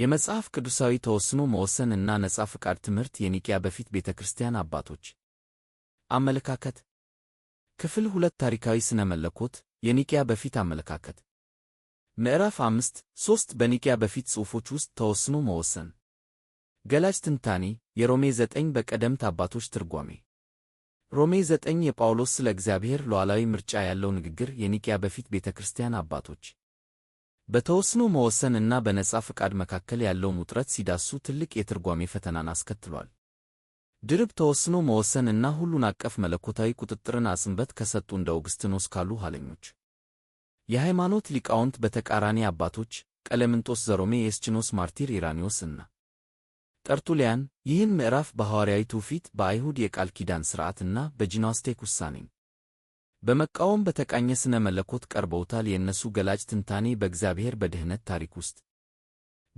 የመጽሐፍ ቅዱሳዊ ተወስኖ መወሰን እና ነጻ ፍቃድ ትምህርት የኒቅያ በፊት ቤተ ክርስቲያን አባቶች አመለካከት ክፍል ሁለት ታሪካዊ ስነ መለኮት የኒቅያ በፊት አመለካከት ምዕራፍ አምስት ሦስት በኒቅያ በፊት ጽሑፎች ውስጥ ተወስኖ መወሰን ገላጭ ትንታኔ የሮሜ ዘጠኝ በቀደምት አባቶች ትርጓሜ ሮሜ ዘጠኝ የጳውሎስ ስለ እግዚአብሔር ሉዓላዊ ምርጫ ያለው ንግግር የኒቅያ በፊት ቤተ ክርስቲያን አባቶች በተወስኖ መወሰን እና በነጻ ፈቃድ መካከል ያለውን ውጥረት ሲዳሱ ትልቅ የትርጓሜ ፈተናን አስከትሏል። ድርብ ተወስኖ መወሰን እና ሁሉን አቀፍ መለኮታዊ ቁጥጥርን አጽንበት ከሰጡ እንደ ኦግስትኖስ ካሉ ኋለኞች የሃይማኖት ሊቃውንት በተቃራኒ አባቶች ቀለምንጦስ ዘሮሜ፣ የስችኖስ ማርቲር ኢራኒዮስ እና ጠርቱሊያን ይህን ምዕራፍ በሐዋርያዊ ትውፊት፣ በአይሁድ የቃል ኪዳን ሥርዓት እና በጂናስቴክ ውሳኔ። በመቃወም በተቃኘ ሥነ መለኮት ቀርበውታል። የእነሱ ገላጭ ትንታኔ በእግዚአብሔር በድኅነት ታሪክ ውስጥ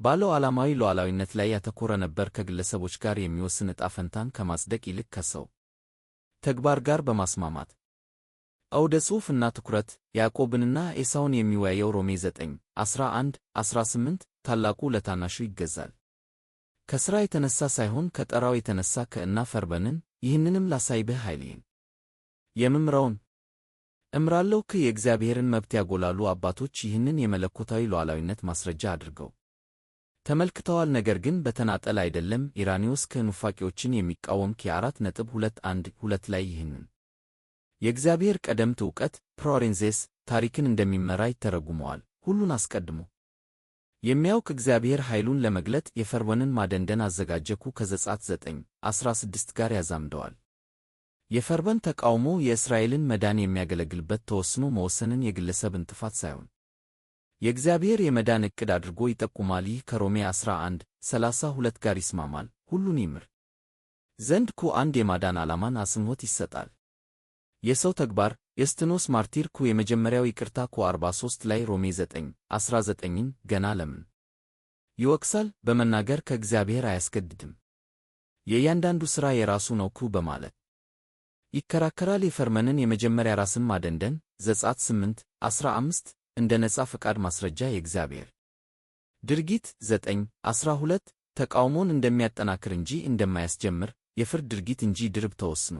ባለው ዓላማዊ ሉዓላዊነት ላይ ያተኮረ ነበር። ከግለሰቦች ጋር የሚወስን ዕጣ ፈንታን ከማጽደቅ ይልቅ ከሰው ተግባር ጋር በማስማማት አውደ ጽሑፍና ትኩረት ያዕቆብንና ኤሳውን የሚወያየው ሮሜ 9 11 18 ታላቁ ለታናሹ ይገዛል ከሥራ የተነሣ ሳይሆን ከጠራው የተነሣ ከእና ፈርበንን ይህንንም ላሳይብህ ኃይልህን የምምረውን እምራለሁ ክ የእግዚአብሔርን መብት ያጎላሉ አባቶች ይህንን የመለኮታዊ ሉዓላዊነት ማስረጃ አድርገው ተመልክተዋል። ነገር ግን በተናጠል አይደለም። ኢራኒዎስ ኑፋቂዎችን የሚቃወም አራት ነጥብ ሁለት አንድ ሁለት ላይ ይህንን የእግዚአብሔር ቀደምት ዕውቀት ፕሮሬንዜስ ታሪክን እንደሚመራ ይተረጉመዋል። ሁሉን አስቀድሞ የሚያውቅ እግዚአብሔር ኃይሉን ለመግለጥ የፈርዖንን ማደንደን አዘጋጀኩ ከዘጸአት ዘጠኝ 16 ስድስት ጋር ያዛምደዋል። የፈርዖን ተቃውሞ የእስራኤልን መዳን የሚያገለግልበት ተወስኖ መወሰንን የግለሰብን ጥፋት ሳይሆን የእግዚአብሔር የመዳን ዕቅድ አድርጎ ይጠቁማል። ይህ ከሮሜ 11 32 ጋር ይስማማል። ሁሉን ይምር ዘንድ ኩ አንድ የማዳን ዓላማን አስምሆት ይሰጣል። የሰው ተግባር የስትኖስ ማርቲር ኩ የመጀመሪያው ይቅርታ ኩ 43 ላይ ሮሜ 9 19ን ገና ለምን ይወቅሳል? በመናገር ከእግዚአብሔር አያስገድድም። የእያንዳንዱ ሥራ የራሱ ነው ኩ በማለት ይከራከራል። የፈርመንን የመጀመሪያ ራስን ማደንደን ዘጸአት 8 15 እንደ ነጻ ፈቃድ ማስረጃ የእግዚአብሔር ድርጊት 9 12 ተቃውሞን እንደሚያጠናክር እንጂ እንደማያስጀምር የፍርድ ድርጊት እንጂ ድርብ ተወስኖ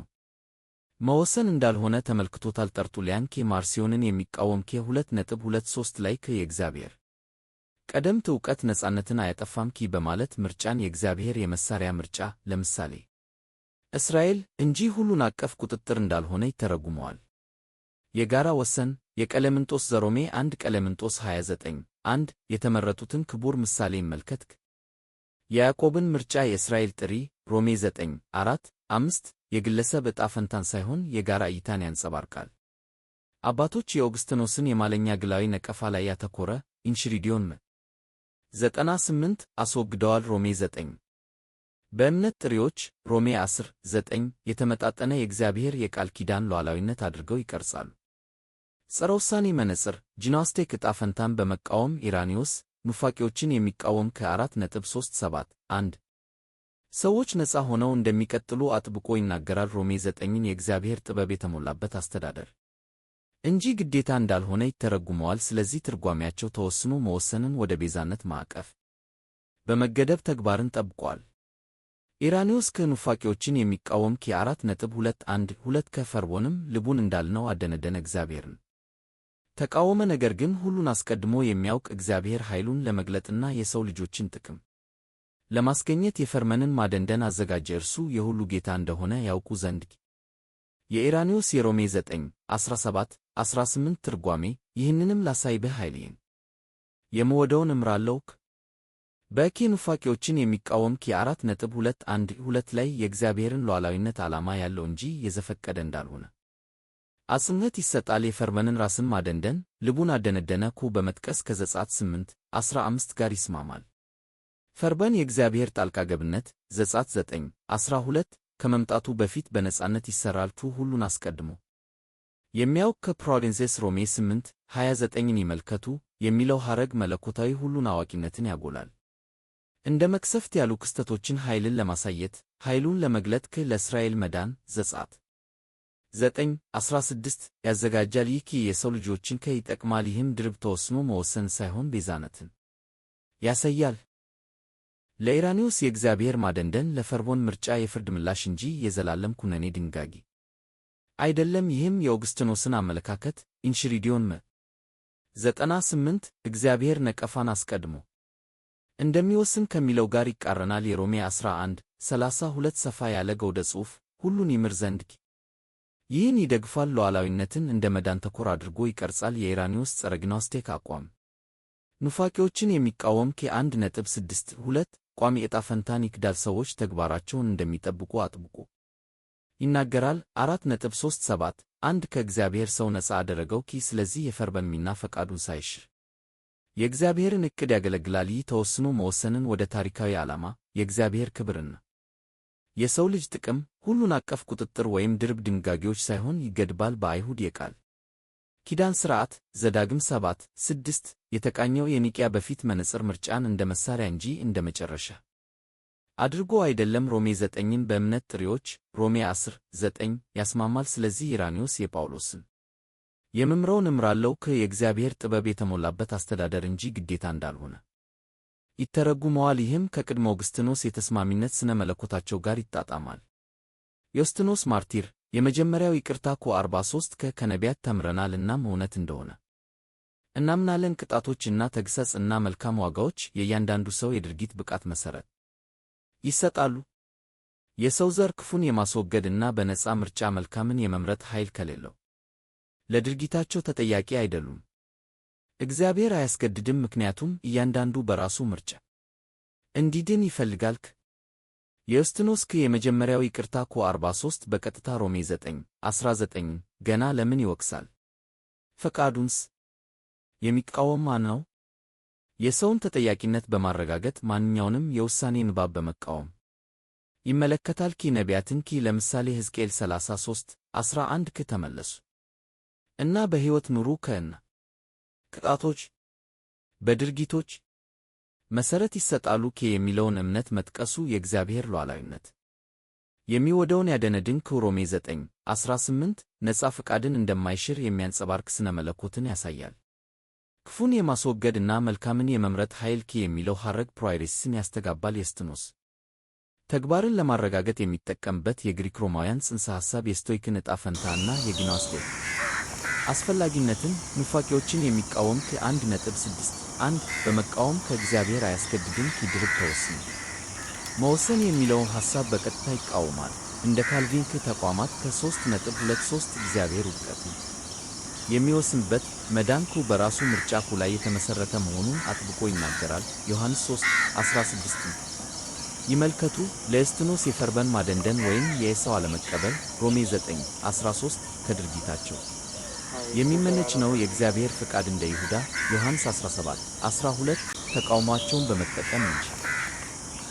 መወሰን እንዳልሆነ ተመልክቶታል። ጠርጡሊያን ኬ ማርሲዮንን የሚቃወም ኬ 2 ነጥብ 2 3 ላይ ከ የእግዚአብሔር ቀደምት ዕውቀት ነጻነትን አያጠፋም ኪ በማለት ምርጫን የእግዚአብሔር የመሳሪያ ምርጫ ለምሳሌ እስራኤል እንጂ ሁሉን አቀፍ ቁጥጥር እንዳልሆነ ይተረጉመዋል። የጋራ ወሰን የቀለምንጦስ ዘሮሜ 1 ቀለምንጦስ 29 1 የተመረጡትን ክቡር ምሳሌ ይመልከትክ የያዕቆብን ምርጫ የእስራኤል ጥሪ ሮሜ 9 4 5 የግለሰብ ዕጣ ፈንታን ሳይሆን የጋራ እይታን ያንጸባርቃል። አባቶች የኦግስትኖስን የማለኛ ግላዊ ነቀፋ ላይ ያተኮረ ኢንሽሪዲዮን ም 98 አስወግደዋል ሮሜ 9 በእምነት ጥሪዎች ሮሜ 10 9 የተመጣጠነ የእግዚአብሔር የቃል ኪዳን ሉዓላዊነት አድርገው ይቀርጻሉ። ጸረ ውሳኔ መነጽር ጂናስቴክ ዕጣ ፈንታን በመቃወም ኢራኒዮስ ኑፋቂዎችን የሚቃወም ከ4.37 1 ሰዎች ነፃ ሆነው እንደሚቀጥሉ አጥብቆ ይናገራል። ሮሜ 9ን የእግዚአብሔር ጥበብ የተሞላበት አስተዳደር እንጂ ግዴታ እንዳልሆነ ይተረጉመዋል። ስለዚህ ትርጓሚያቸው ተወስኖ መወሰንን ወደ ቤዛነት ማዕቀፍ በመገደብ ተግባርን ጠብቋል። ኢራኒዮስ ከኑፋቂዎችን የሚቃወም 4 ነጥብ ሁለት አንድ ሁለት ከፈርዖንም ልቡን እንዳልነው አደነደነ እግዚአብሔርን ተቃወመ። ነገር ግን ሁሉን አስቀድሞ የሚያውቅ እግዚአብሔር ኃይሉን ለመግለጥና የሰው ልጆችን ጥቅም ለማስገኘት የፈርመንን ማደንደን አዘጋጀ፣ እርሱ የሁሉ ጌታ እንደሆነ ያውቁ ዘንድ። የኢራኒዮስ የሮሜ 9 17 18 ትርጓሜ ይህንንም ላሳይብህ ኃይልህን የምወደውን እምራለውክ በኬ ኑፋቂዎችን የሚቃወም ከአራት ነጥብ ሁለት አንድ ሁለት ላይ የእግዚአብሔርን ሉዓላዊነት ዓላማ ያለው እንጂ የዘፈቀደ እንዳልሆነ አጽንኦት ይሰጣል። የፈርዖንን ራስን ማደንደን ልቡን አደነደነ ኩ በመጥቀስ ከዘጸአት ስምንት አስራ አምስት ጋር ይስማማል። ፈርዖን የእግዚአብሔር ጣልቃ ገብነት ዘጸአት ዘጠኝ አስራ ሁለት ከመምጣቱ በፊት በነጻነት ይሠራል ቱ ሁሉን አስቀድሞ የሚያውቅ ከፕሮቪንሴስ ሮሜ ስምንት ሃያ ዘጠኝን ይመልከቱ የሚለው ሐረግ መለኮታዊ ሁሉን አዋቂነትን ያጎላል። እንደ መቅሰፍት ያሉ ክስተቶችን ኃይልን ለማሳየት ኃይሉን ለመግለጥ ለእስራኤል መዳን ዘጻት ዘጠኝ ያዘጋጃል። ይህ የሰው ልጆችን ከይጠቅማል ይህም ድርብ ተወስኖ መወሰን ሳይሆን ቤዛነትን ያሳያል። ለኢራኒዎስ የእግዚአብሔር ማደንደን ለፈርዖን ምርጫ የፍርድ ምላሽ እንጂ የዘላለም ኩነኔ ድንጋጌ አይደለም። ይህም የኦግስትኖስን አመለካከት ኢንሽሪዲዮን መ ዘጠና እግዚአብሔር ነቀፋን አስቀድሞ እንደሚወስን ከሚለው ጋር ይቃረናል። የሮሜ 11 32 ሰፋ ያለ ገውደ ጽሑፍ ሁሉን ይምር ዘንድ ይህን ይደግፋል። ሉዓላዊነትን እንደ መዳን ተኮር አድርጎ ይቀርጻል። የኢራኒውስ ጸረ ግኖስቲክ አቋም ኑፋቂዎችን የሚቃወም ከአንድ ነጥብ ስድስት ሁለት ቋሚ ዕጣ ፈንታን ይክዳል። ሰዎች ተግባራቸውን እንደሚጠብቁ አጥብቆ ይናገራል። አራት ነጥብ ሦስት ሰባት አንድ ከእግዚአብሔር ሰው ነፃ አደረገው ኪ ስለዚህ የፈርበን ፈቃዱን ሳይሽር የእግዚአብሔርን ዕቅድ ያገለግላል። ይህ ተወስኖ መወሰንን ወደ ታሪካዊ ዓላማ የእግዚአብሔር ክብርና የሰው ልጅ ጥቅም ሁሉን አቀፍ ቁጥጥር ወይም ድርብ ድንጋጌዎች ሳይሆን ይገድባል። በአይሁድ የቃል ኪዳን ሥርዓት ዘዳግም ሰባት ስድስት የተቃኘው የኒቅያ በፊት መነጽር ምርጫን እንደ መሣሪያ እንጂ እንደ መጨረሻ አድርጎ አይደለም። ሮሜ ዘጠኝን በእምነት ጥሪዎች ሮሜ ዐሥር ዘጠኝ ያስማማል። ስለዚህ ኢራኒዮስ የጳውሎስን የምምረውን እምራለሁ የእግዚአብሔር ጥበብ የተሞላበት አስተዳደር እንጂ ግዴታ እንዳልሆነ ይተረጉመዋል። ይህም ከቅድመ ኦግስትኖስ የተስማሚነት ሥነ መለኮታቸው ጋር ይጣጣማል። ዮስትኖስ ማርቲር የመጀመሪያው ይቅርታ ኮ 43 ከ ከነቢያት ተምረናል እናም እውነት እንደሆነ እናምናለን። ቅጣቶችና ተግሰጽ እና መልካም ዋጋዎች የእያንዳንዱ ሰው የድርጊት ብቃት መሠረት ይሰጣሉ። የሰው ዘር ክፉን የማስወገድ እና በነፃ ምርጫ መልካምን የመምረጥ ኃይል ከሌለው ለድርጊታቸው ተጠያቂ አይደሉም። እግዚአብሔር አያስገድድም፣ ምክንያቱም እያንዳንዱ በራሱ ምርጫ እንዲድን ይፈልጋልክ። የእስትኖስክ የመጀመሪያው ይቅርታ ኮ 43 በቀጥታ ሮሜ 9 19 ገና ለምን ይወቅሳል? ፈቃዱንስ የሚቃወም ማን ነው? የሰውን ተጠያቂነት በማረጋገጥ ማንኛውንም የውሳኔ ንባብ በመቃወም ይመለከታል። ኪ ነቢያትን ኪ ለምሳሌ ሕዝቅኤል 33 11 ክ ተመለሱ እና በሕይወት ኑሩ። ከና ቅጣቶች በድርጊቶች መሠረት ይሰጣሉ። ኬ የሚለውን እምነት መጥቀሱ የእግዚአብሔር ሉዓላዊነት የሚወደውን ያደነድን ሮሜ 9 18 ነፃ ፈቃድን እንደማይሽር የሚያንጸባርክ ሥነ መለኮትን ያሳያል። ክፉን የማስወገድና መልካምን የመምረጥ ኃይል ኬ የሚለው ሐረግ ፕሮይሬሲስን ያስተጋባል። የስትኖስ ተግባርን ለማረጋገጥ የሚጠቀምበት የግሪክ ሮማውያን ጽንሰ ሐሳብ የስቶይክን ዕጣ ፈንታ እና አስፈላጊነትን ኑፋቄዎችን የሚቃወም ከአንድ ነጥብ ስድስት አንድ በመቃወም ከእግዚአብሔር አያስገድድም ኪድርብ ተወስኑ መወሰን የሚለውን ሐሳብ በቀጥታ ይቃወማል። እንደ ካልቪን ተቋማት ከ ነጥብ እግዚአብሔር ውቀት የሚወስንበት መዳንኩ በራሱ ምርጫኩ ላይ የተመሠረተ መሆኑን አጥብቆ ይናገራል። ዮሐንስ 3 16 ይመልከቱ ለእስትኖስ የፈርበን ማደንደን ወይም የሰው አለመቀበል ሮሜ 9 13 ከድርጊታቸው የሚመነጭ ነው የእግዚአብሔር ፍቃድ እንደ ይሁዳ ዮሐንስ 17 12 ተቃውሟቸውን በመጠቀም እንጂ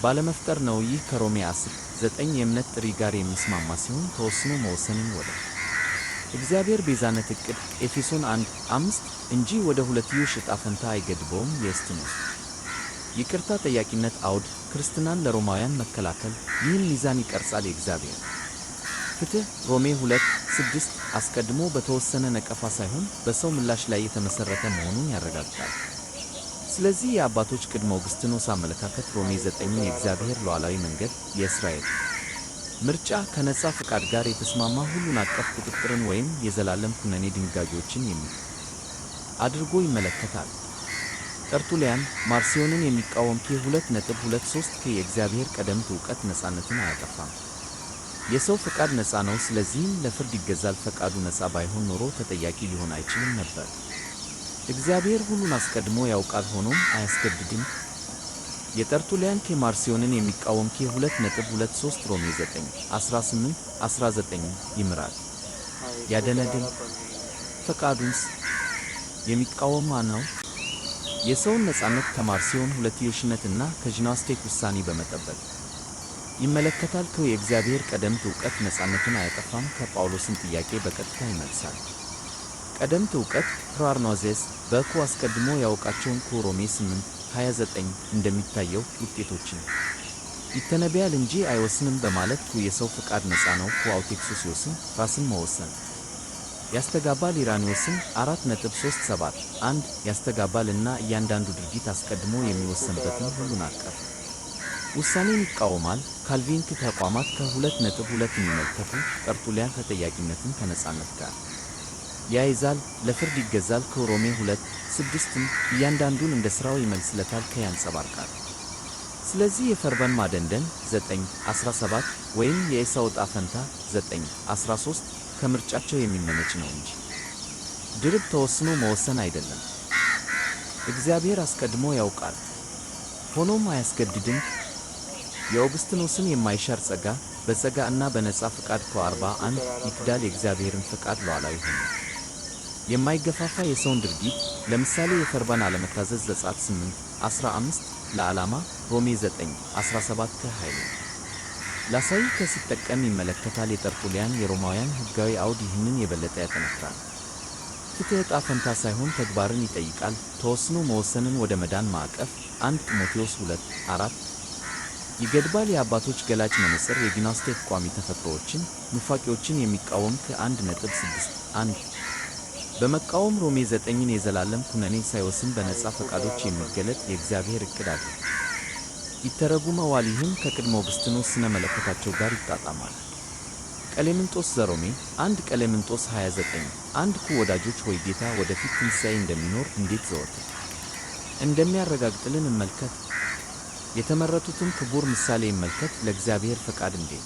ባለመፍጠር ነው። ይህ ከሮሜ 10 9 የእምነት ጥሪ ጋር የሚስማማ ሲሆን ተወስኖ መወሰንን ወደ እግዚአብሔር ቤዛነት እቅድ ኤፌሶን 1 5 እንጂ ወደ ሁለትዮሽ ዕጣ ፈንታ አይገድበውም። የእስትንስ ይቅርታ ጠያቂነት አውድ ክርስትናን ለሮማውያን መከላከል ይህን ሚዛን ይቀርጻል። የእግዚአብሔር ፍትህ ሮሜ 2 ስድስት አስቀድሞ በተወሰነ ነቀፋ ሳይሆን በሰው ምላሽ ላይ የተመሰረተ መሆኑን ያረጋግጣል። ስለዚህ የአባቶች ቅድመ አውግስጢኖስ አመለካከት ሮሜ 9 የእግዚአብሔር ሉዓላዊ መንገድ የእስራኤል ምርጫ ከነጻ ፍቃድ ጋር የተስማማ ሁሉን አቀፍ ቁጥጥርን ወይም የዘላለም ኩነኔ ድንጋጌዎችን የሚል አድርጎ ይመለከታል። ጠርቱሊያን ማርሲዮንን የሚቃወም ኬ 2.23 ከ የእግዚአብሔር ቀደምት ዕውቀት ነጻነትን አያጠፋም። የሰው ፈቃድ ነፃ ነው፣ ስለዚህም ለፍርድ ይገዛል። ፈቃዱ ነፃ ባይሆን ኖሮ ተጠያቂ ሊሆን አይችልም ነበር። እግዚአብሔር ሁሉን አስቀድሞ ያውቃል፣ ሆኖም አያስገድድም። የጠርጡልያን ኬማርሲዮንን የሚቃወም ከ2.23 ሮሜ 9 18 19 ይምራል። ያደነድን ፈቃዱንስ የሚቃወም ማን ነው? የሰውን ነፃነት ከማርሲዮን ሁለትዮሽነትና ከጂናስቴክ ውሳኔ በመጠበቅ ይመለከታል። ቶ የእግዚአብሔር ቀደምት እውቀት ነፃነትን አያጠፋም ከጳውሎስን ጥያቄ በቀጥታ ይመልሳል። ቀደምት እውቀት ፕራርኖዜስ በኩ አስቀድሞ ያውቃቸውን ኩ ሮሜ 8 29 እንደሚታየው ውጤቶችን ይተነቢያል እንጂ አይወስንም በማለት ኩ የሰው ፍቃድ ነፃ ነው ኩ አውቴክሱስ ይወስን ራስን መወሰን ያስተጋባል ኢራኒዎስን 4.37 1 ያስተጋባል እና እያንዳንዱ ድርጊት አስቀድሞ የሚወሰንበትን ሁሉን አቀፍ ውሳኔን ይቃወማል። ካልቪንክ ተቋማት ከ2.2 የሚመልከቱ ጠርቱሊያን ተጠያቂነትን ከነጻነት ጋር ያይዛል፣ ለፍርድ ይገዛል። ከሮሜ 2፥6ም እያንዳንዱን እንደ ሥራው ይመልስለታል ከያንጸባርቃል። ስለዚህ የፈርዖን ማደንደን 17 ወይም የዔሳው ዕጣ ፈንታ 13 ከምርጫቸው የሚመነጭ ነው እንጂ ድርብ ተወስኖ መወሰን አይደለም። እግዚአብሔር አስቀድሞ ያውቃል፣ ሆኖም አያስገድድም። የኦግስትኖስን የማይሻር ጸጋ በጸጋ እና በነጻ ፈቃድ ከ አንድ ይክዳል የእግዚአብሔርን ፍቃድ ሏላ ይሁን የማይገፋፋ የሰውን ድርጊት ለምሳሌ የፈርባን አለመታዘዝ ዘጸአት 8 15 ለዓላማ ሮሜ 9 17 ከኃይል ላሳይህ ሲጠቀም ይመለከታል የጠርጡልያን የሮማውያን ሕጋዊ አውድ ይህንን የበለጠ ያጠነክራል። ፍትሕ ዕጣ ፈንታ ሳይሆን ተግባርን ይጠይቃል። ተወስኖ መወሰንን ወደ መዳን ማዕቀፍ 1 ጢሞቴዎስ 2 4 ይገድባል። የአባቶች ገላጭ መነጽር የግኖስቲክ ቋሚ ተፈጥሮዎችን ኑፋቄዎችን የሚቃወም ከ1.61 በመቃወም ሮሜ 9ን የዘላለም ኩነኔ ሳይወስን በነፃ ፈቃዶች የሚገለጥ የእግዚአብሔር እቅድ አለ። ይተረጉመዋል። ይህም ከቅድሞ ብስትኖ ስነ መለኮታቸው ጋር ይጣጣማል። ቀሌምንጦስ ዘሮሜ 1 ቀሌምንጦስ 29 አንድ ኩ ወዳጆች ሆይ ጌታ ወደፊት ትንሣኤ እንደሚኖር እንዴት ዘወትር እንደሚያረጋግጥልን እመልከት። የተመረቱትን ክቡር ምሳሌ ይመልከት። ለእግዚአብሔር ፈቃድ እንዴት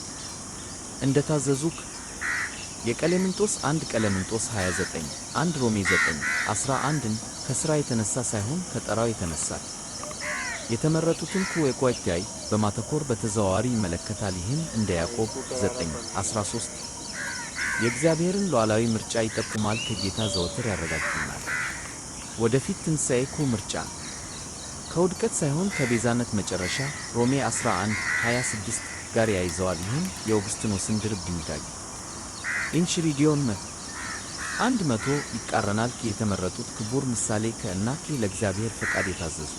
እንደታዘዙክ የቀሌምንጦስ አንድ ቀሌምንጦስ 29 አንድ ሮሜ 9 11ን ከሥራ የተነሳ ሳይሆን ከጠራው የተነሳ የተመረጡትን ኩዌኳቻይ በማተኮር በተዘዋዋሪ ይመለከታል። ይህም እንደ ያዕቆብ 9 13 የእግዚአብሔርን ሉዓላዊ ምርጫ ይጠቁማል። ከጌታ ዘወትር ያረጋግጥናል። ወደፊት ትንሣኤ ኩ ምርጫ ከውድቀት ሳይሆን ከቤዛነት መጨረሻ ሮሜ 11 26 ጋር ያይዘዋል። ይህም የኦግስጢኖስን ድርብ ድንጋጌ ኢንሽሪዲዮን አንድ መቶ ይቃረናል። የተመረጡት ክቡር ምሳሌ ከእናኪ ለእግዚአብሔር ፈቃድ የታዘዙ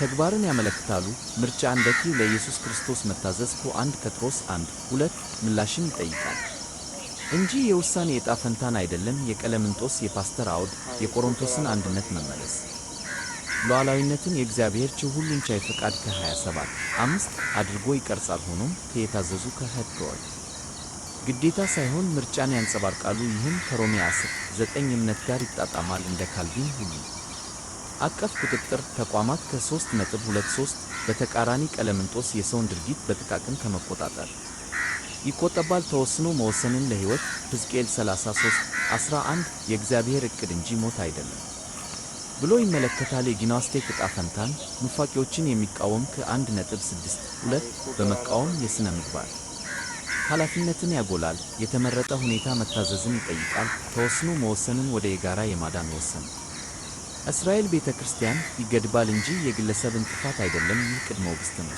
ተግባርን ያመለክታሉ። ምርጫ እንደኪ ለኢየሱስ ክርስቶስ መታዘዝ ኮ አንድ ጴጥሮስ አንድ ሁለት ምላሽን ይጠይቃል እንጂ የውሳኔ የጣፈንታን ፈንታን አይደለም። የቀለምንጦስ የፓስተር አውድ የቆሮንቶስን አንድነት መመለስ ሉዓላዊነትን የእግዚአብሔር ችው ሁሉን ቻይ ፈቃድ ከ27 አምስት አድርጎ ይቀርጻል። ሆኖም ከየታዘዙ ከህድገዋል ግዴታ ሳይሆን ምርጫን ያንጸባርቃሉ። ይህም ከሮሜ 10 ዘጠኝ እምነት ጋር ይጣጣማል። እንደ ካልቪን ሁሉ አቀፍ ቁጥጥር ተቋማት ከ3.23 በተቃራኒ ቀለምንጦስ የሰውን ድርጊት በጥቃቅን ከመቆጣጠር ይቆጠባል። ተወስኖ መወሰንን ለሕይወት ሕዝቅኤል 33 11 የእግዚአብሔር ዕቅድ እንጂ ሞት አይደለም። ብሎ ይመለከታል። የጊናስቴክ ዕጣ ፈንታን ኑፋቂዎችን የሚቃወም ከአንድ ነጥብ ስድስት ሁለት በመቃወም የሥነ ምግባር ኃላፊነትን ያጎላል። የተመረጠ ሁኔታ መታዘዝን ይጠይቃል። ተወስኖ መወሰንን ወደ የጋራ የማዳን ወሰን እስራኤል ቤተ ክርስቲያን ይገድባል እንጂ የግለሰብን ጥፋት አይደለም። ይህ ቅድመ ውግስት ነው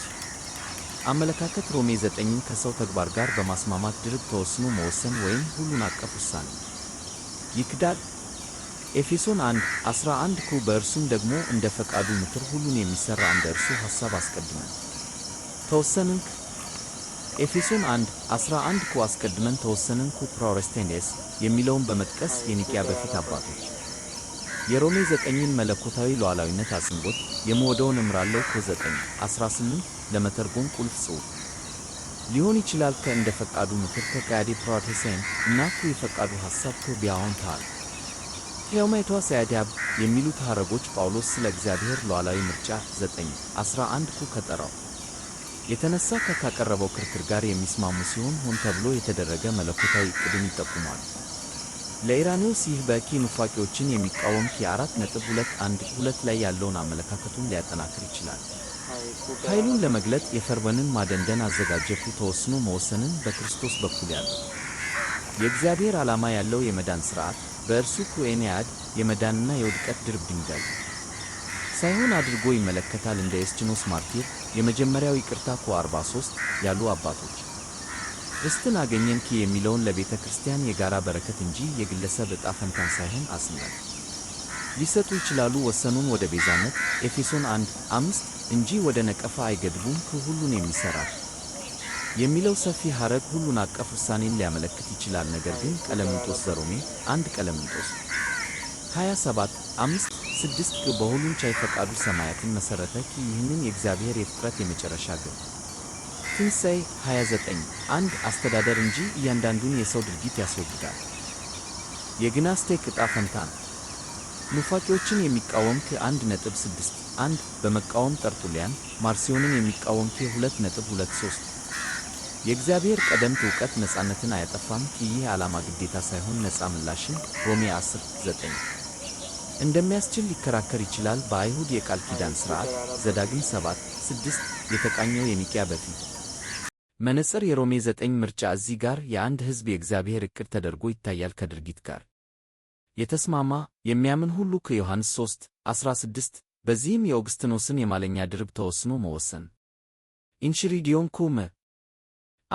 አመለካከት ሮሜ ዘጠኝን ከሰው ተግባር ጋር በማስማማት ድርብ ተወስኖ መወሰን ወይም ሁሉን አቀፍ ውሳኔ ይክዳል። ኤፌሶን 1 11 ኩ በእርሱም ደግሞ እንደ ፈቃዱ ምክር ሁሉን የሚሠራ እንደ እርሱ ሐሳብ አስቀድመን ተወሰንንክ። ኤፌሶን 1 11 ኩ አስቀድመን ተወሰንን ኩ ፕሮረስቴንዴስ የሚለውን በመጥቀስ የኒቅያ በፊት አባቶች የሮሜ ዘጠኝን መለኮታዊ ሉዓላዊነት አጽንዖት የምወደውን እምራለሁ 9 18 ለመተርጎም ቁልፍ ጽሑፍ ሊሆን ይችላል ከእንደ ፈቃዱ ምክር ከቀያዴ ፕሮቴሴን እና ኩ የፈቃዱ ሐሳብ ኩ ቢያሆን ታል የውመቷ ሰያዳብ የሚሉት ሐረጎች ጳውሎስ ስለ እግዚአብሔር ሉዓላዊ ምርጫ 11 ኩ ከጠራው የተነሳ ከካቀረበው ክርክር ጋር የሚስማሙ ሲሆን ሆን ተብሎ የተደረገ መለኮታዊ ዕቅድን ይጠቁማል። ለኢራኔዎስ ይህ በኪ ኑፋቂዎችን የሚቃወም ኪ4.212 ላይ ያለውን አመለካከቱን ሊያጠናክር ይችላል። ኃይሉን ለመግለጥ የፈርዖንን ማደንደን አዘጋጀኩ ተወስኖ መወሰንን በክርስቶስ በኩል ያለው የእግዚአብሔር ዓላማ ያለው የመዳን ሥርዓት በእርሱ ኩዌንያድ የመዳንና የውድቀት ድርብ ድንጋይ ሳይሆን አድርጎ ይመለከታል። እንደ ኤስችኖስ ማርቲር የመጀመሪያው ይቅርታ ኮ 43 ያሉ አባቶች ርስትን አገኘን ኪ የሚለውን ለቤተ ክርስቲያን የጋራ በረከት እንጂ የግለሰብ ዕጣ ፈንታን ሳይሆን አስመል ሊሰጡ ይችላሉ። ወሰኑን ወደ ቤዛነት ኤፌሶን 1 አምስት እንጂ ወደ ነቀፋ አይገድቡም። ሁሉን የሚሠራል የሚለው ሰፊ ሐረግ ሁሉን አቀፍ ውሳኔን ሊያመለክት ይችላል። ነገር ግን ቀለምንጦስ ዘሮሜ አንድ ቀለምንጦስ 27 አምስት ስድስት በሁሉን ቻይ ፈቃዱ ሰማያትን መሠረተ ኪ ይህንን የእግዚአብሔር የፍጥረት የመጨረሻ ግብ ትንሣኤ 29 አንድ አስተዳደር እንጂ እያንዳንዱን የሰው ድርጊት ያስወግዳል። የግናስቴክ ዕጣ ፈንታ ነው። ኑፋቂዎችን የሚቃወም ከአንድ ነጥብ ስድስት አንድ በመቃወም ጠርጡልያን ማርሲዮንን የሚቃወም ከሁለት ነጥብ ሁለት ሦስት የእግዚአብሔር ቀደምት እውቀት ነፃነትን አያጠፋም ይህ ዓላማ ግዴታ ሳይሆን ነፃ ምላሽን ሮሜ 10፥9 እንደሚያስችል ሊከራከር ይችላል። በአይሁድ የቃል ኪዳን ሥርዓት ዘዳግም 7፥6 የተቃኘው የኒቅያ በፊት መነጽር የሮሜ 9 ምርጫ እዚህ ጋር የአንድ ሕዝብ የእግዚአብሔር ዕቅድ ተደርጎ ይታያል ከድርጊት ጋር የተስማማ የሚያምን ሁሉ ከዮሐንስ 16 በዚህም የኦግስትኖስን የማለኛ ድርብ ተወስኖ መወሰን ኢንሽሪዲዮን ኩመ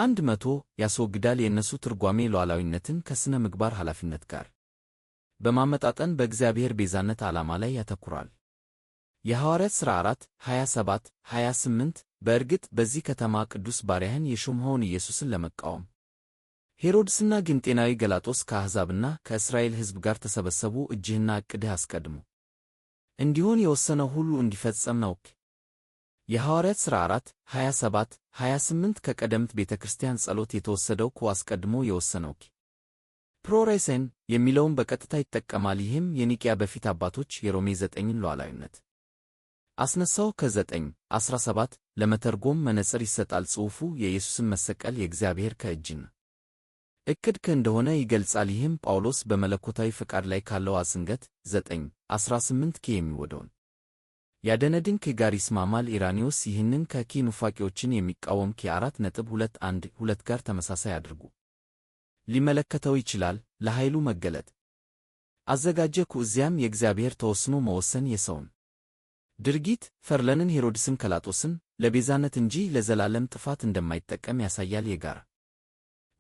አንድ መቶ ያስወግዳል የእነሱ ትርጓሜ ሉዓላዊነትን ከሥነ ምግባር ኃላፊነት ጋር በማመጣጠን በእግዚአብሔር ቤዛነት ዓላማ ላይ ያተኩራል። የሐዋርያት ሥራ 4 27 28 በእርግጥ በዚህ ከተማ ቅዱስ ባሪያህን የሾምኸውን ኢየሱስን ለመቃወም ሄሮድስና ግንጤናዊ ገላጦስ ከአሕዛብና ከእስራኤል ሕዝብ ጋር ተሰበሰቡ። እጅህና ዕቅድህ አስቀድሞ እንዲሆን የወሰነው ሁሉ እንዲፈጸም ነው። የሐዋርያት ሥራ 4 27 28 ከቀደምት ቤተ ክርስቲያን ጸሎት የተወሰደው ኩ አስቀድሞ የወሰነው ኪ ፕሮሬሴን የሚለውን በቀጥታ ይጠቀማል። ይህም የኒቅያ በፊት አባቶች የሮሜ ዘጠኝን ሉዓላዊነት አስነሳው ከዘጠኝ 17 ለመተርጎም መነጽር ይሰጣል። ጽሑፉ የኢየሱስን መሰቀል የእግዚአብሔር ከእጅን እቅድ እንደሆነ ይገልጻል። ይህም ጳውሎስ በመለኮታዊ ፈቃድ ላይ ካለው አጽንገት 9 18 ኬ የሚወደውን ያደነድን ከጋር ይስማማል። ኢራኒዮስ ይህንን ከኪ ኑፋቂዎችን የሚቃወም ከአራት ነጥብ ሁለት አንድ ሁለት ጋር ተመሳሳይ አድርጉ። ሊመለከተው ይችላል። ለኃይሉ መገለጥ አዘጋጀኩ። እዚያም የእግዚአብሔር ተወስኖ መወሰን የሰውን ድርጊት ፈርለንን ሄሮድስን ከላጦስን ለቤዛነት እንጂ ለዘላለም ጥፋት እንደማይጠቀም ያሳያል። የጋር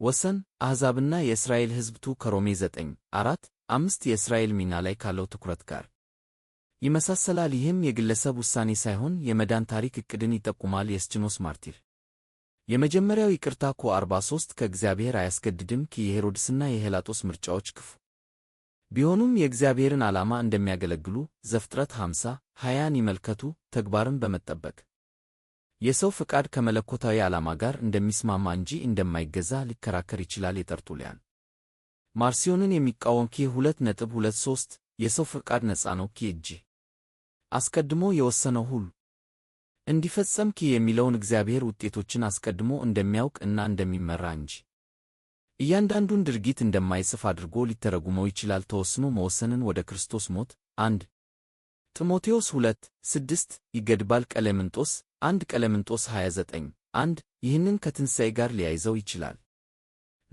ወሰን አሕዛብና የእስራኤል ሕዝብቱ ከሮሜ 9 አራት አምስት የእስራኤል ሚና ላይ ካለው ትኩረት ጋር ይመሳሰላል። ይህም የግለሰብ ውሳኔ ሳይሆን የመዳን ታሪክ ዕቅድን ይጠቁማል። የስችኖስ ማርቲር የመጀመሪያው ይቅርታ ኮ 43 ከእግዚአብሔር አያስገድድም ኪ የሄሮድስና የሄላጦስ ምርጫዎች ክፉ ቢሆኑም የእግዚአብሔርን ዓላማ እንደሚያገለግሉ ዘፍጥረት 50 ሃያን ይመልከቱ። ተግባርን በመጠበቅ የሰው ፍቃድ ከመለኮታዊ ዓላማ ጋር እንደሚስማማ እንጂ እንደማይገዛ ሊከራከር ይችላል። የጠርቱሊያን ማርሲዮንን የሚቃወም ኪ 2.23 የሰው ፈቃድ ነፃ ነው ኪ እጅህ አስቀድሞ የወሰነው ሁሉ እንዲፈጸም የሚለውን እግዚአብሔር ውጤቶችን አስቀድሞ እንደሚያውቅ እና እንደሚመራ እንጂ እያንዳንዱን ድርጊት እንደማይጽፍ አድርጎ ሊተረጉመው ይችላል። ተወስኖ መወሰንን ወደ ክርስቶስ ሞት አንድ ጢሞቴዎስ ሁለት ስድስት ይገድባል። ቀለምንጦስ አንድ ቀለምንጦስ 29 አንድ ይህንን ከትንሣኤ ጋር ሊያይዘው ይችላል።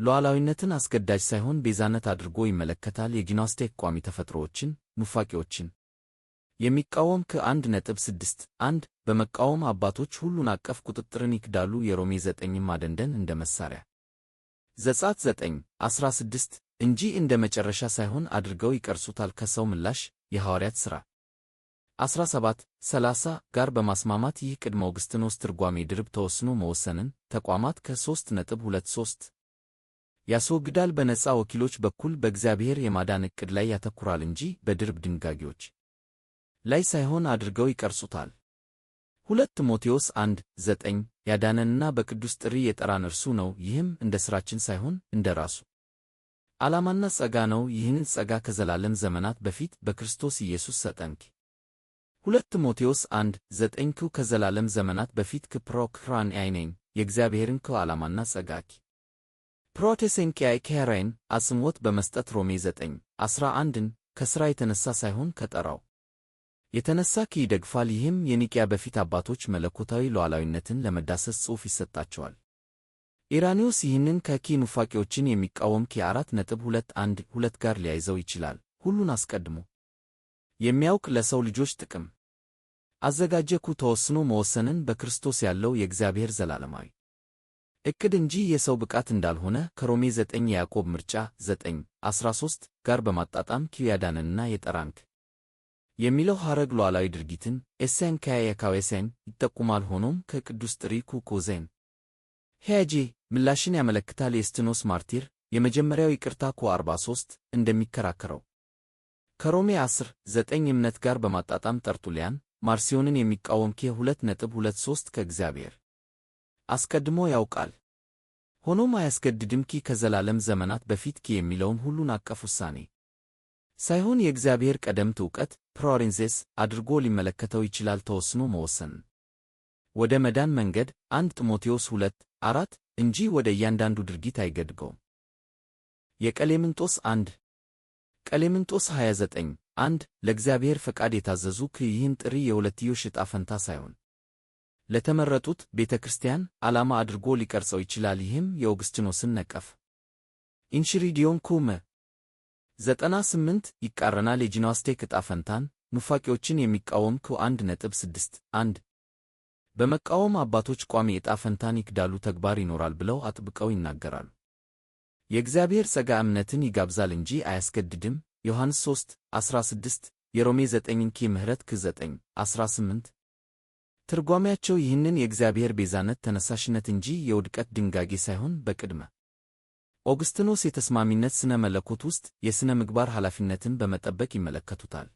ሉዓላዊነትን አስገዳጅ ሳይሆን ቤዛነት አድርጎ ይመለከታል። የግኖስቲክ ቋሚ ተፈጥሮዎችን፣ ኑፋቂዎችን የሚቃወም ከአንድ ነጥብ ስድስት አንድ በመቃወም አባቶች ሁሉን አቀፍ ቁጥጥርን ይክዳሉ። የሮሜ 9 ማደንደን እንደ መሳሪያ ዘጻት ዘጠኝ 16 እንጂ እንደ መጨረሻ ሳይሆን አድርገው ይቀርሱታል። ከሰው ምላሽ የሐዋርያት ሥራ 17 30 ጋር በማስማማት ይህ ቅድመ ኦግስትኖስ ትርጓሜ ድርብ ተወስኖ መወሰንን ተቋማት ከ3.23 ያስወግዳል። በነፃ ወኪሎች በኩል በእግዚአብሔር የማዳን ዕቅድ ላይ ያተኩራል እንጂ በድርብ ድንጋጌዎች ላይ ሳይሆን አድርገው ይቀርጹታል። ሁለት ጢሞቴዎስ አንድ ዘጠኝ ያዳነንና በቅዱስ ጥሪ የጠራን እርሱ ነው። ይህም እንደ ሥራችን ሳይሆን እንደ ራሱ ዓላማና ጸጋ ነው። ይህንን ጸጋ ከዘላለም ዘመናት በፊት በክርስቶስ ኢየሱስ ሰጠንክ። ሁለት ጢሞቴዎስ አንድ ዘጠኝ ከዘላለም ዘመናት በፊት ክፕሮክራን አይነኝ የእግዚአብሔርን ከው ዓላማና ጸጋኪ ፕሮቴሴንኪያይ ከራይን አጽንዖት በመስጠት ሮሜ ዘጠኝ አስራ አንድን ከሥራ የተነሣ ሳይሆን ከጠራው የተነሳ ኪ ይደግፋል። ይህም የኒቅያ በፊት አባቶች መለኮታዊ ሉዓላዊነትን ለመዳሰስ ጽሑፍ ይሰጣቸዋል። ኢራኒዮስ ይህንን ከኪ ኑፋቄዎችን የሚቃወም ኪ አራት ነጥብ ሁለት አንድ ሁለት ጋር ሊያይዘው ይችላል። ሁሉን አስቀድሞ የሚያውቅ ለሰው ልጆች ጥቅም አዘጋጀኩ ተወስኖ መወሰንን በክርስቶስ ያለው የእግዚአብሔር ዘላለማዊ እቅድ እንጂ የሰው ብቃት እንዳልሆነ ከሮሜ 9 የያዕቆብ ምርጫ 9 13 ጋር በማጣጣም ኪው ያዳነንና የጠራንክ የሚለው ሐረግ ሉዓላዊ ድርጊትን ኤሴን ከያካዌሴን ይጠቁማል። ሆኖም ከቅዱስ ጥሪ ኮዜን ሄያጄ ምላሽን ያመለክታል። የስትኖስ ማርቲር የመጀመሪያው ይቅርታ ኮ 43 እንደሚከራከረው ከሮሜ 10 9 እምነት ጋር በማጣጣም ጠርቱሊያን ማርሲዮንን የሚቃወም ኬ 2.23 ከእግዚአብሔር አስቀድሞ ያውቃል ሆኖም አያስገድድም ኪ ከዘላለም ዘመናት በፊት ኪ የሚለውን ሁሉን አቀፍ ውሳኔ ሳይሆን የእግዚአብሔር ቀደምት ዕውቀት ፕሮሪንሴስ አድርጎ ሊመለከተው ይችላል። ተወስኖ መወሰን ወደ መዳን መንገድ አንድ ጢሞቴዎስ ሁለት አራት እንጂ ወደ እያንዳንዱ ድርጊት አይገድገውም። የቀሌምንጦስ አንድ ቀሌምንጦስ 29 አንድ ለእግዚአብሔር ፈቃድ የታዘዙ ይህን ጥሪ የሁለትዮሽ ዕጣ ፈንታ ሳይሆን ለተመረጡት ቤተ ክርስቲያን ዓላማ አድርጎ ሊቀርጸው ይችላል። ይህም የኦግስትኖስን ነቀፍ ኢንሽሪዲዮን ኩመ ዘጠና ስምንት ይቃረናል የጂምናስቲክ ዕጣ ፈንታን ኑፋቂዎችን የሚቃወም ክው አንድ ነጥብ ስድስት አንድ በመቃወም አባቶች ቋሚ ዕጣ ፈንታን ይክዳሉ ተግባር ይኖራል ብለው አጥብቀው ይናገራሉ። የእግዚአብሔር ጸጋ እምነትን ይጋብዛል እንጂ አያስገድድም። ዮሐንስ 3 16 የሮሜ 9 ኪ ምሕረት ክ 9 18 ትርጓሜያቸው ይህንን የእግዚአብሔር ቤዛነት ተነሳሽነት እንጂ የውድቀት ድንጋጌ ሳይሆን በቅድመ ኦግስትኖስ የተስማሚነት ሥነ መለኮት ውስጥ የሥነ ምግባር ኃላፊነትን በመጠበቅ ይመለከቱታል።